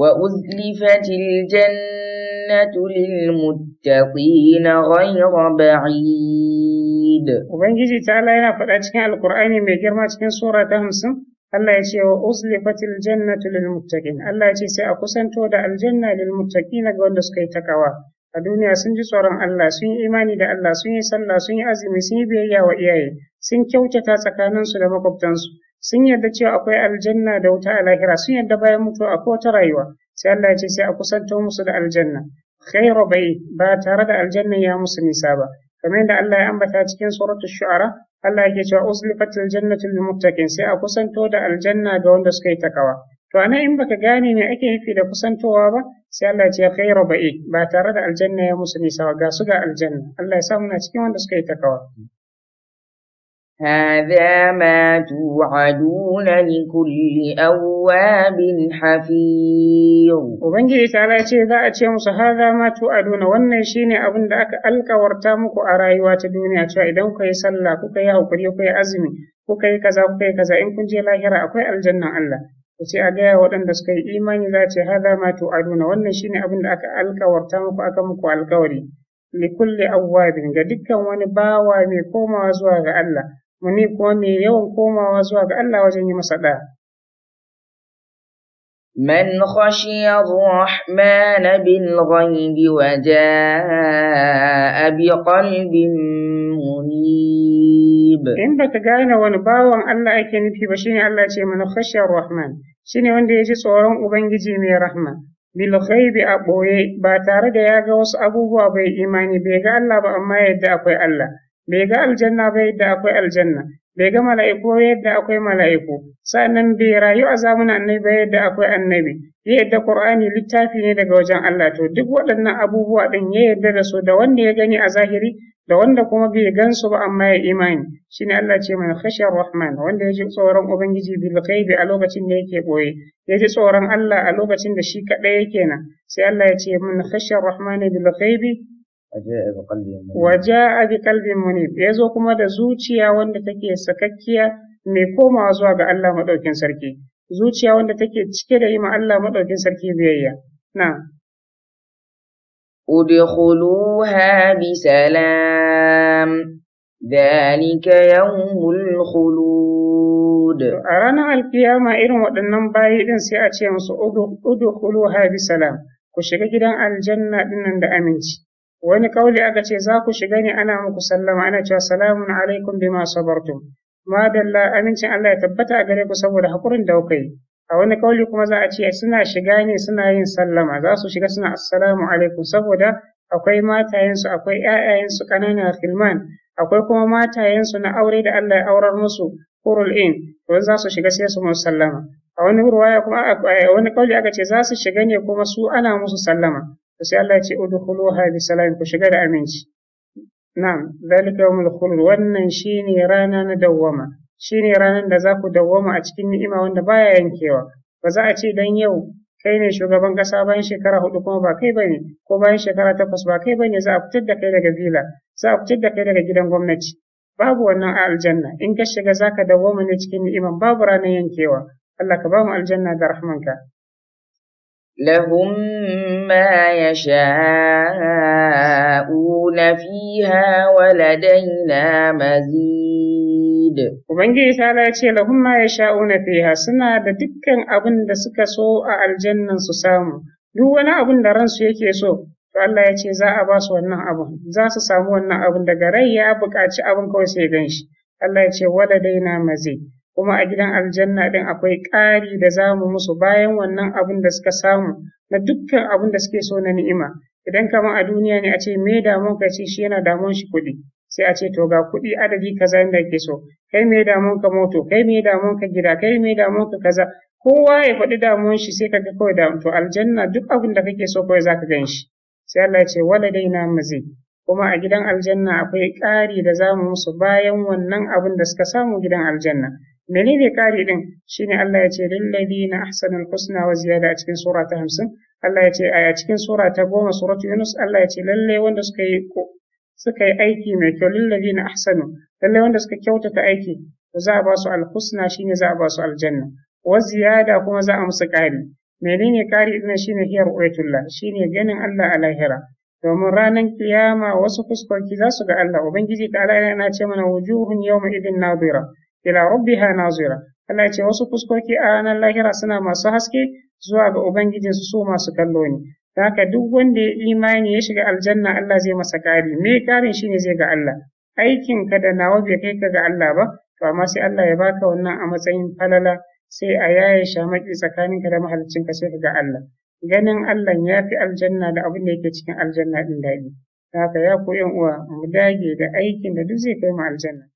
وأزلفت الجنة للمتقين غير بعيد وبنجي تعالى هنا فالأتكى القرآن من جرمات كان سورة همسن الله يشي وأزلفت الجنة للمتقين الله يشي سأقسم تودا الجنة للمتقين قول لسكي تكوا الدنيا سنجي سورة الله سنجي إيماني دا الله سنجي سلا سنجي أزمي سنجي بيا وإياي سنجي وتتا سكانان سلما قبتان سنجي sun yarda cewa akwai aljanna da wuta a lahira sun yarda bayan mutuwa akwai wata rayuwa sai Allah ya ce sai a kusanto musu da aljanna khairu bai ba tare da aljanna ya musu nisa ba kamar yadda Allah ya ambata cikin suratu shu'ara Allah yake cewa uslifatil jannatu lil muttaqin sai a kusanto da aljanna ga wanda suka yi takawa to anan in baka gane me ake nufi da kusantowa ba sai Allah ya ce khairu bai ba tare da aljanna ya musu nisa ga su ga aljanna Allah ya sa muna cikin wanda suka yi takawa هذا ما awwabin لكل أواب حفيظ وبنجي تعالى شيء ذا أتي musu هذا ما wannan shine abin da aka alkawarta muku a rayuwa ta duniya cewa idan kukayi sallah kukayi yi hakuri kuka azumi kukayi kaza kuka kaza in kun je lahira akwai aljannan Allah ku ce a gaya waɗanda suka yi imani za ce hada wannan shine abin da aka alkawarta muku aka muku alkawari li awwabin ga dukkan wani bawa mai komawa zuwa ga Allah muni kuwa mai yawan komawa zuwa ga Allah wajen yi masa ɗaya. من خشي الرحمن بالغيب وجاء بقلب منيب إن بتقالنا ونباوان الله أكين في بشين الله شيء من خشي الرحمن شيني وندي يجي صورون أبنجي من رحمة بالغيب أبوي باتارد ياغوس أبوه أبي إيماني بيغا الله بأما يدى أبوي الله bai ga aljanna ba yadda akwai aljanna bai ga mala'iku ba yadda akwai mala'iku sa'annan bai rayu a zamanin annabi ba yadda akwai annabi ya yadda qur'ani littafi ne daga wajen Allah to duk waɗannan abubuwa ɗin ya yadda da su da wanda ya gani a zahiri da wanda kuma bai gansu ba amma ya imani shine Allah ce mai khashiyar rahman wanda ya ji tsoron ubangiji bil ghaibi a lokacin da yake boye ya ji tsoron Allah a lokacin da shi kadai yake nan sai Allah ya ce mun khashiyar rahman bil ghaibi a bi qalbin munib ya zo kuma da zuciya wanda take sakakkiya mai komawa zuwa ga Allah maɗaukin sarki zuciya wanda take cike da yima Allah maɗaukin sarki biyayya na udkhuluha bi salam dhalika yawmul khulud a ranar alkiyama irin waɗannan bayi din sai a ce musu udkhuluha bi salam ku shiga gidan aljanna dinnan da aminci wani kauli aka ce za ku shiga ne ana muku sallama ana cewa salamun alaikum bima sabartum madalla amincin Allah ya tabbata a gare ku saboda hakurin da kuka a wani kauli kuma za a ce suna shiga ne suna yin sallama za su shiga suna assalamu alaikum saboda akwai matayensu akwai ƴaƴayensu ƙanana filman akwai kuma matayensu na aure da Allah ya aurar musu kurul in to za su shiga sai su musu sallama a wani ruwaya kuma a wani kauli aka ce za su shiga ne kuma su ana musu sallama to sai Allah ya ce udkhuluha bi salam ku shiga da aminci na'am zalika yawmul khulud wannan shine rana na dawwama shine ranar da za ku dawwama a cikin ni'ima wanda baya yankewa ba za a ce dan yau kai ne shugaban kasa bayan shekara hudu kuma ba kai bane ko bayan shekara takwas ba kai bane za a fitar da kai daga vila, za a fitar da kai daga gidan gwamnati babu wannan a aljanna in ka shiga zaka dawwama ne cikin ni'iman babu ranan yankewa Allah ka bamu aljanna da rahmanka لهم ما يشاءون فيها ولدينا مزيد Ubangiji ta ce lahum ma yasha'una fiha suna da dukkan abin da suka so a aljannan su samu duk wani abin da ransu yake so to Allah ya ce za a ba su wannan abin za su samu wannan abin daga rai ya buƙaci abin kawai sai ganshi Allah ya ce daina mazid kuma a gidan aljanna din akwai ƙari da za mu musu bayan wannan abin da suka samu na dukkan abin da suke so na ni'ima idan kamar a duniya ne a ce me damun ka ce shi yana damun shi kuɗi sai a ce to ga kuɗi adadi kaza da ke so kai me damun ka moto kai me damun ka gida kai me damun ka kaza kowa ya faɗi damuwar shi sai kaga kawai da to aljanna duk abin da kake so kawai zaka gan shi sai Allah ya ce wala na mazi kuma a gidan aljanna akwai ƙari da za mu musu bayan wannan abin da suka samu gidan aljanna menene kari din shine Allah ya ce lil ladina ahsanul husna wa ziyada a cikin sura ta 50 Allah ya ce a cikin sura ta 10 suratu Yunus Allah ya ce lalle wanda suka yi suka yi aiki mai kyau lil ladina ahsanu lalle wanda suka kyautata aiki za a ba su al husna shine za a ba su aljanna wa ziyada kuma za a musu kari menene kari din shine hiyar uyatullah shine ganin Allah a lahira domin ranar kiyama wasu fuskoki za su ga Allah ubangiji ta Allah yana ce mana wujuhun yawma idin nadira ila rabbiha nazira Allah ya ce wasu fuskoki a ranar lahira suna masu haske zuwa ga ubangijin su masu kallo ne haka duk wanda ya imani ya shiga aljanna Allah zai masa kari me karin shine zai ga Allah aikin ka da nawa bai kai ka ga Allah ba to amma sai Allah ya baka wannan a matsayin falala sai a yaye shamaki tsakaninka da ka sai ka ga Allah ganin Allah ya fi aljanna da abin da yake cikin aljanna din daɗi haka ya ku yan uwa mu dage da aikin da duk zai kai mu aljanna